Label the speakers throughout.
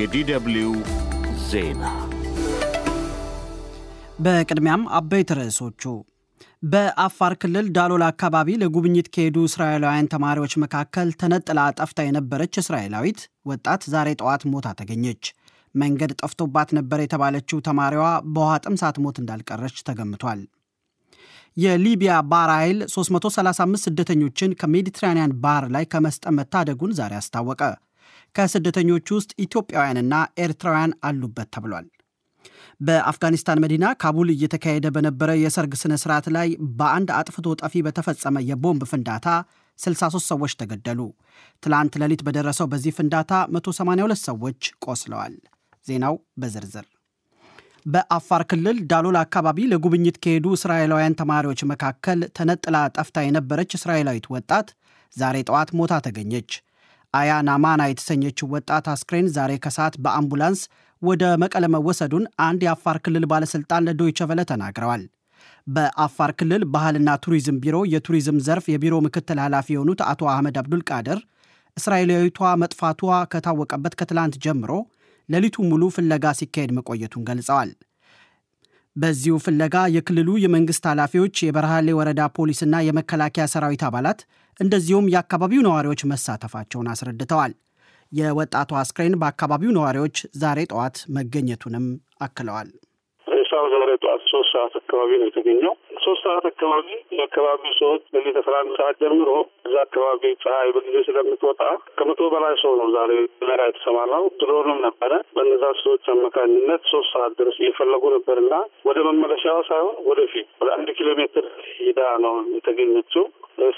Speaker 1: የዲደብሊው ዜና
Speaker 2: በቅድሚያም አበይት ርዕሶቹ በአፋር ክልል ዳሎል አካባቢ ለጉብኝት ከሄዱ እስራኤላውያን ተማሪዎች መካከል ተነጥላ ጠፍታ የነበረች እስራኤላዊት ወጣት ዛሬ ጠዋት ሞታ ተገኘች። መንገድ ጠፍቶባት ነበር የተባለችው ተማሪዋ በውሃ ጥምሳት ሞት እንዳልቀረች ተገምቷል። የሊቢያ ባህር ኃይል 335 ስደተኞችን ከሜዲትራኒያን ባህር ላይ ከመስጠም መታደጉን ዛሬ አስታወቀ። ከስደተኞች ውስጥ ኢትዮጵያውያንና ኤርትራውያን አሉበት ተብሏል። በአፍጋኒስታን መዲና ካቡል እየተካሄደ በነበረ የሰርግ ሥነ ሥርዓት ላይ በአንድ አጥፍቶ ጠፊ በተፈጸመ የቦምብ ፍንዳታ 63 ሰዎች ተገደሉ። ትላንት ሌሊት በደረሰው በዚህ ፍንዳታ 182 ሰዎች ቆስለዋል። ዜናው በዝርዝር በአፋር ክልል ዳሎል አካባቢ ለጉብኝት ከሄዱ እስራኤላውያን ተማሪዎች መካከል ተነጥላ ጠፍታ የነበረች እስራኤላዊት ወጣት ዛሬ ጠዋት ሞታ ተገኘች። አያ ናማና የተሰኘችው ወጣት አስክሬን ዛሬ ከሰዓት በአምቡላንስ ወደ መቀለ መወሰዱን አንድ የአፋር ክልል ባለሥልጣን ለዶይቸ ቨለ ተናግረዋል። በአፋር ክልል ባህልና ቱሪዝም ቢሮ የቱሪዝም ዘርፍ የቢሮ ምክትል ኃላፊ የሆኑት አቶ አህመድ አብዱል ቃድር እስራኤላዊቷ መጥፋቷ ከታወቀበት ከትላንት ጀምሮ ሌሊቱ ሙሉ ፍለጋ ሲካሄድ መቆየቱን ገልጸዋል። በዚሁ ፍለጋ የክልሉ የመንግስት ኃላፊዎች፣ የበርሃሌ ወረዳ ፖሊስና የመከላከያ ሰራዊት አባላት እንደዚሁም የአካባቢው ነዋሪዎች መሳተፋቸውን አስረድተዋል። የወጣቱ አስክሬን በአካባቢው ነዋሪዎች ዛሬ ጠዋት መገኘቱንም አክለዋል።
Speaker 1: ሬሳው ዛሬ ጠዋት ሶስት ሰዓት አካባቢ ነው የተገኘው። ሶስት ሰዓት አካባቢ የአካባቢው ሰዎች ሌሊት አስራ አንድ ሰዓት ጀምሮ እዛ አካባቢ ፀሐይ በጊዜ ስለምትወጣ ከመቶ በላይ ሰው ነው ዛሬ የተሰማ ነው። ድሮንም ነበረ በነዛ ሰዎች አማካኝነት ሶስት ሰዓት ድረስ እየፈለጉ ነበር ነበርና ወደ መመለሻዋ ሳይሆን ወደፊት ወደ አንድ ኪሎ ሜትር ሂዳ ነው የተገኘችው።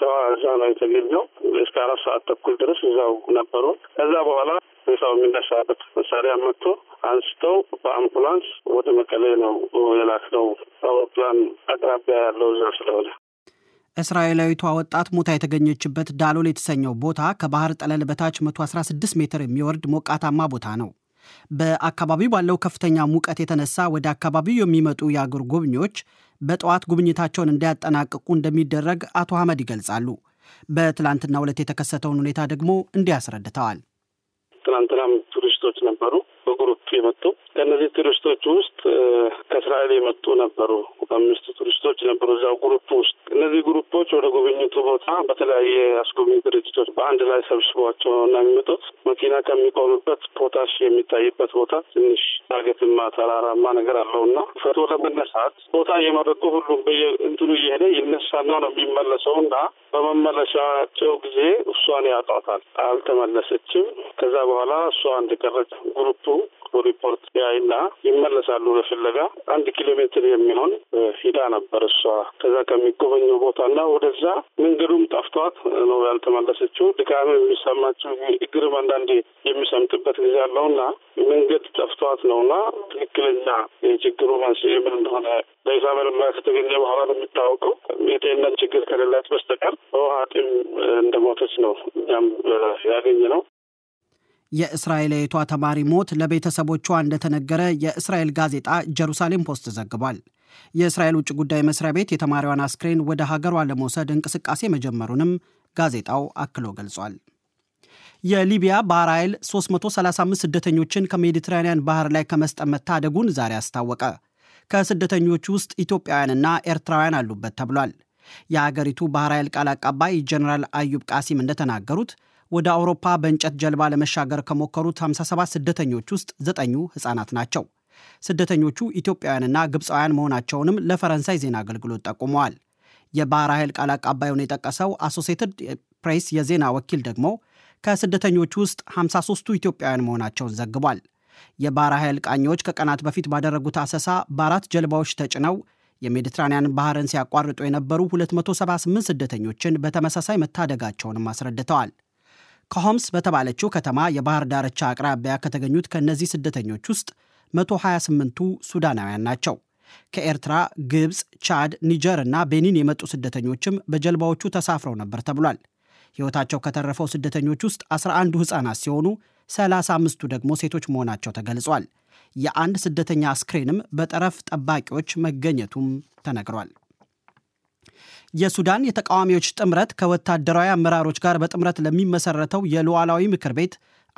Speaker 1: ሰባ እዛ ነው የተገኘው። እስከ አራት ሰዓት ተኩል ድረስ እዛው ነበሩ። ከዛ በኋላ ሰው የሚነሳበት መሳሪያ መጥቶ አንስተው በአምቡላንስ ወደ መቀሌ ነው የላክነው። አውሮፕላን አቅራቢያ ያለው እዛ ስለሆነ
Speaker 2: እስራኤላዊቷ ወጣት ሞታ የተገኘችበት ዳሎል የተሰኘው ቦታ ከባህር ጠለል በታች 116 ሜትር የሚወርድ ሞቃታማ ቦታ ነው። በአካባቢው ባለው ከፍተኛ ሙቀት የተነሳ ወደ አካባቢው የሚመጡ የአገር ጎብኚዎች በጠዋት ጉብኝታቸውን እንዳያጠናቅቁ እንደሚደረግ አቶ አህመድ ይገልጻሉ። በትላንትና ዕለት የተከሰተውን ሁኔታ ደግሞ እንዲያስረድተዋል።
Speaker 1: tram, tram, የመጡ ከእነዚህ ቱሪስቶች ውስጥ ከእስራኤል የመጡ ነበሩ። አምስት ቱሪስቶች ነበሩ እዛው ግሩፕ ውስጥ። እነዚህ ግሩፖች ወደ ጉብኝቱ ቦታ በተለያየ አስጎብኝ ድርጅቶች በአንድ ላይ ሰብስቧቸው ነው የሚመጡት መኪና ከሚቆምበት ፖታሽ የሚታይበት ቦታ ትንሽ ዳገትማ ተራራማ ነገር አለው እና ፈቶ ለመነሳት ቦታ እየመረጡ ሁሉም እንትኑ እየሄደ ይነሳና ነው የሚመለሰው እና በመመለሻቸው ጊዜ እሷን ያጧታል። አልተመለሰችም። ከዛ በኋላ እሷ እንደቀረች ግሩፑ ተደርጎ ሪፖርት ያይና ይመለሳሉ በፍለጋ አንድ ኪሎ ሜትር የሚሆን ሂዳ ነበር እሷ። ከዛ ከሚጎበኘው ቦታ ቦታና ወደዛ መንገዱም ጠፍቷት ነው ያልተመለሰችው። ድካም የሚሰማቸው እግርም አንዳንዴ የሚሰምጥበት ጊዜ አለው አለውና መንገድ ጠፍቷት ነው ነውና ትክክለኛ የችግሩ መንስኤ ምን እንደሆነ ለይፋ ምርመራ ከተገኘ በኋላ ነው የሚታወቀው። የጤንነት ችግር ከሌላት በስተቀር በውሃ ጥም እንደሞተች ነው እኛም ያገኘ ነው።
Speaker 2: የእስራኤላዊቷ ተማሪ ሞት ለቤተሰቦቿ እንደተነገረ የእስራኤል ጋዜጣ ጀሩሳሌም ፖስት ዘግቧል። የእስራኤል ውጭ ጉዳይ መስሪያ ቤት የተማሪዋን አስክሬን ወደ ሀገሯ ለመውሰድ እንቅስቃሴ መጀመሩንም ጋዜጣው አክሎ ገልጿል። የሊቢያ ባህር ኃይል 335 ስደተኞችን ከሜዲትራኒያን ባህር ላይ ከመስጠም መታደጉን ዛሬ አስታወቀ። ከስደተኞቹ ውስጥ ኢትዮጵያውያንና ኤርትራውያን አሉበት ተብሏል። የአገሪቱ ባህር ኃይል ቃል አቀባይ ጀኔራል አዩብ ቃሲም እንደተናገሩት ወደ አውሮፓ በእንጨት ጀልባ ለመሻገር ከሞከሩት 57 ስደተኞች ውስጥ ዘጠኙ ሕፃናት ናቸው። ስደተኞቹ ኢትዮጵያውያንና ግብፃውያን መሆናቸውንም ለፈረንሳይ ዜና አገልግሎት ጠቁመዋል። የባህር ኃይል ቃል አቃባዩን የጠቀሰው አሶሴትድ ፕሬስ የዜና ወኪል ደግሞ ከስደተኞቹ ውስጥ 53ቱ ኢትዮጵያውያን መሆናቸውን ዘግቧል። የባህር ኃይል ቃኞች ከቀናት በፊት ባደረጉት አሰሳ በአራት ጀልባዎች ተጭነው የሜዲትራንያን ባህርን ሲያቋርጡ የነበሩ 278 ስደተኞችን በተመሳሳይ መታደጋቸውንም አስረድተዋል። ከሆምስ በተባለችው ከተማ የባህር ዳርቻ አቅራቢያ ከተገኙት ከእነዚህ ስደተኞች ውስጥ 128ቱ ሱዳናውያን ናቸው። ከኤርትራ፣ ግብፅ፣ ቻድ፣ ኒጀር እና ቤኒን የመጡ ስደተኞችም በጀልባዎቹ ተሳፍረው ነበር ተብሏል። ሕይወታቸው ከተረፈው ስደተኞች ውስጥ 11ዱ ሕፃናት ሲሆኑ 35ቱ ደግሞ ሴቶች መሆናቸው ተገልጿል። የአንድ ስደተኛ አስክሬንም በጠረፍ ጠባቂዎች መገኘቱም ተነግሯል። የሱዳን የተቃዋሚዎች ጥምረት ከወታደራዊ አመራሮች ጋር በጥምረት ለሚመሰረተው የሉዓላዊ ምክር ቤት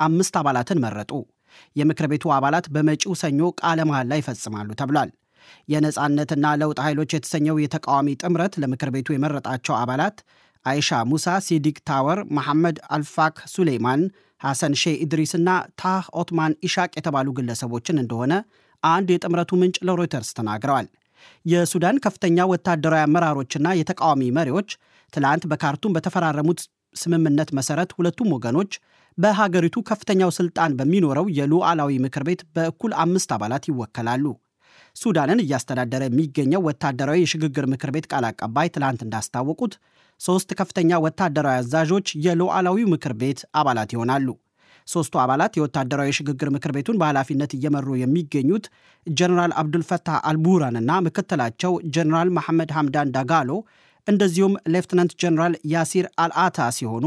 Speaker 2: አምስት አባላትን መረጡ። የምክር ቤቱ አባላት በመጪው ሰኞ ቃለ መሐላ ይፈጽማሉ ተብሏል። የነፃነትና ለውጥ ኃይሎች የተሰኘው የተቃዋሚ ጥምረት ለምክር ቤቱ የመረጣቸው አባላት አይሻ ሙሳ፣ ሲዲክ ታወር፣ መሐመድ አልፋክ ሱሌይማን፣ ሐሰን ሼህ ኢድሪስ እና ታህ ኦትማን ኢሻቅ የተባሉ ግለሰቦችን እንደሆነ አንድ የጥምረቱ ምንጭ ለሮይተርስ ተናግረዋል። የሱዳን ከፍተኛ ወታደራዊ አመራሮችና የተቃዋሚ መሪዎች ትላንት በካርቱም በተፈራረሙት ስምምነት መሰረት ሁለቱም ወገኖች በሀገሪቱ ከፍተኛው ስልጣን በሚኖረው የሉዓላዊ ምክር ቤት በእኩል አምስት አባላት ይወከላሉ። ሱዳንን እያስተዳደረ የሚገኘው ወታደራዊ የሽግግር ምክር ቤት ቃል አቀባይ ትላንት እንዳስታወቁት ሶስት ከፍተኛ ወታደራዊ አዛዦች የሉዓላዊው ምክር ቤት አባላት ይሆናሉ። ሶስቱ አባላት የወታደራዊ ሽግግር ምክር ቤቱን በኃላፊነት እየመሩ የሚገኙት ጀኔራል አብዱልፈታህ አልቡራን ና ምክትላቸው ጀኔራል መሐመድ ሐምዳን ዳጋሎ እንደዚሁም ሌፍትናንት ጀኔራል ያሲር አልአታ ሲሆኑ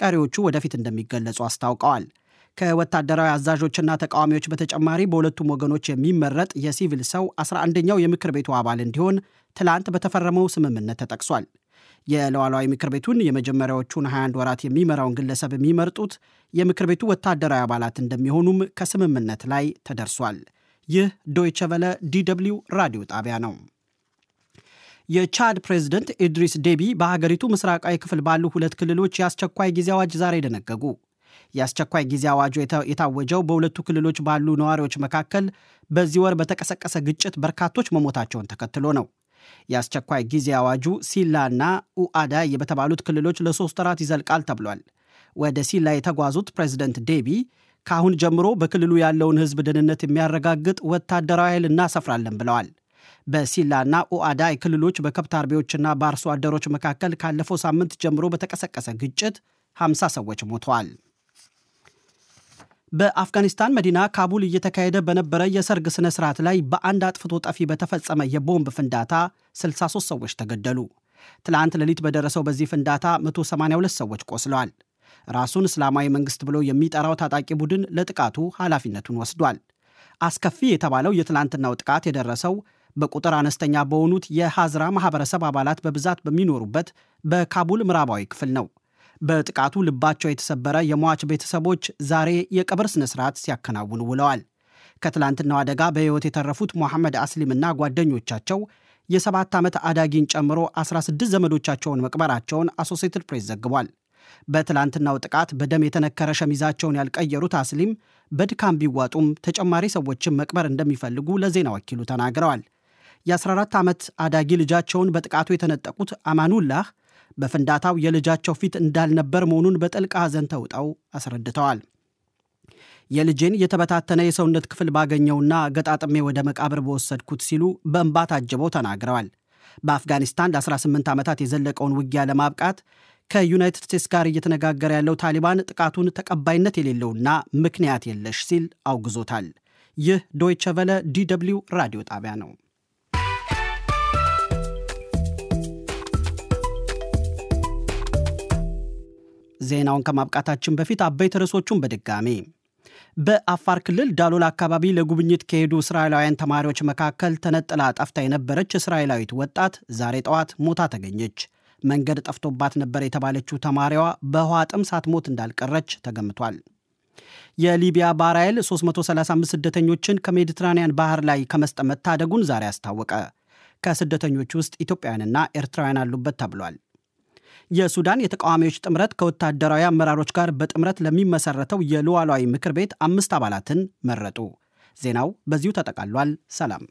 Speaker 2: ቀሪዎቹ ወደፊት እንደሚገለጹ አስታውቀዋል። ከወታደራዊ አዛዦችና ተቃዋሚዎች በተጨማሪ በሁለቱም ወገኖች የሚመረጥ የሲቪል ሰው 11ኛው የምክር ቤቱ አባል እንዲሆን ትላንት በተፈረመው ስምምነት ተጠቅሷል። የሉዓላዊ ምክር ቤቱን የመጀመሪያዎቹን 21 ወራት የሚመራውን ግለሰብ የሚመርጡት የምክር ቤቱ ወታደራዊ አባላት እንደሚሆኑም ከስምምነት ላይ ተደርሷል። ይህ ዶይቸ ቨለ ራዲዮ ጣቢያ ነው። የቻድ ፕሬዝደንት ኢድሪስ ዴቢ በሀገሪቱ ምስራቃዊ ክፍል ባሉ ሁለት ክልሎች የአስቸኳይ ጊዜ አዋጅ ዛሬ ደነገጉ። የአስቸኳይ ጊዜ አዋጁ የታወጀው በሁለቱ ክልሎች ባሉ ነዋሪዎች መካከል በዚህ ወር በተቀሰቀሰ ግጭት በርካቶች መሞታቸውን ተከትሎ ነው። የአስቸኳይ ጊዜ አዋጁ ሲላና ኡአዳይ በተባሉት ክልሎች ለሶስት ወራት ይዘልቃል ተብሏል። ወደ ሲላ የተጓዙት ፕሬዚደንት ዴቢ ከአሁን ጀምሮ በክልሉ ያለውን ሕዝብ ደህንነት የሚያረጋግጥ ወታደራዊ ኃይል እናሰፍራለን ብለዋል። በሲላና ኡአዳይ ክልሎች በከብት አርቢዎችና በአርሶ አደሮች መካከል ካለፈው ሳምንት ጀምሮ በተቀሰቀሰ ግጭት 50 ሰዎች ሞተዋል። በአፍጋኒስታን መዲና ካቡል እየተካሄደ በነበረ የሰርግ ስነ ስርዓት ላይ በአንድ አጥፍቶ ጠፊ በተፈጸመ የቦምብ ፍንዳታ 63 ሰዎች ተገደሉ። ትላንት ሌሊት በደረሰው በዚህ ፍንዳታ 182 ሰዎች ቆስለዋል። ራሱን እስላማዊ መንግስት ብሎ የሚጠራው ታጣቂ ቡድን ለጥቃቱ ኃላፊነቱን ወስዷል። አስከፊ የተባለው የትላንትናው ጥቃት የደረሰው በቁጥር አነስተኛ በሆኑት የሐዝራ ማህበረሰብ አባላት በብዛት በሚኖሩበት በካቡል ምዕራባዊ ክፍል ነው። በጥቃቱ ልባቸው የተሰበረ የሟች ቤተሰቦች ዛሬ የቀብር ስነ ስርዓት ሲያከናውኑ ውለዋል። ከትላንትናው አደጋ በሕይወት የተረፉት ሞሐመድ አስሊምና ጓደኞቻቸው የሰባት ዓመት አዳጊን ጨምሮ 16 ዘመዶቻቸውን መቅበራቸውን አሶሴትድ ፕሬስ ዘግቧል። በትላንትናው ጥቃት በደም የተነከረ ሸሚዛቸውን ያልቀየሩት አስሊም በድካም ቢዋጡም ተጨማሪ ሰዎችን መቅበር እንደሚፈልጉ ለዜና ወኪሉ ተናግረዋል። የ14 ዓመት አዳጊ ልጃቸውን በጥቃቱ የተነጠቁት አማኑላህ በፍንዳታው የልጃቸው ፊት እንዳልነበር መሆኑን በጥልቅ ሐዘን ተውጠው አስረድተዋል። የልጄን የተበታተነ የሰውነት ክፍል ባገኘውና ገጣጥሜ ወደ መቃብር በወሰድኩት ሲሉ በእንባ ታጅበው ተናግረዋል። በአፍጋኒስታን ለ18 ዓመታት የዘለቀውን ውጊያ ለማብቃት ከዩናይትድ ስቴትስ ጋር እየተነጋገረ ያለው ታሊባን ጥቃቱን ተቀባይነት የሌለውና ምክንያት የለሽ ሲል አውግዞታል። ይህ ዶይቸ ቨለ ዲ ደብልዩ ራዲዮ ጣቢያ ነው። ዜናውን ከማብቃታችን በፊት አበይት ርዕሶቹን በድጋሜ በአፋር ክልል ዳሎል አካባቢ ለጉብኝት ከሄዱ እስራኤላውያን ተማሪዎች መካከል ተነጥላ ጠፍታ የነበረች እስራኤላዊት ወጣት ዛሬ ጠዋት ሞታ ተገኘች። መንገድ ጠፍቶባት ነበር የተባለችው ተማሪዋ በውሃ ጥም ሳትሞት እንዳልቀረች ተገምቷል። የሊቢያ ባህር 335 ስደተኞችን ከሜዲትራንያን ባህር ላይ ከመስጠመት መታደጉን ዛሬ አስታወቀ። ከስደተኞች ውስጥ ኢትዮጵያውያንና ኤርትራውያን አሉበት ተብሏል። የሱዳን የተቃዋሚዎች ጥምረት ከወታደራዊ አመራሮች ጋር በጥምረት ለሚመሰረተው የሉዓላዊ ምክር ቤት አምስት አባላትን መረጡ። ዜናው በዚሁ ተጠቃሏል። ሰላም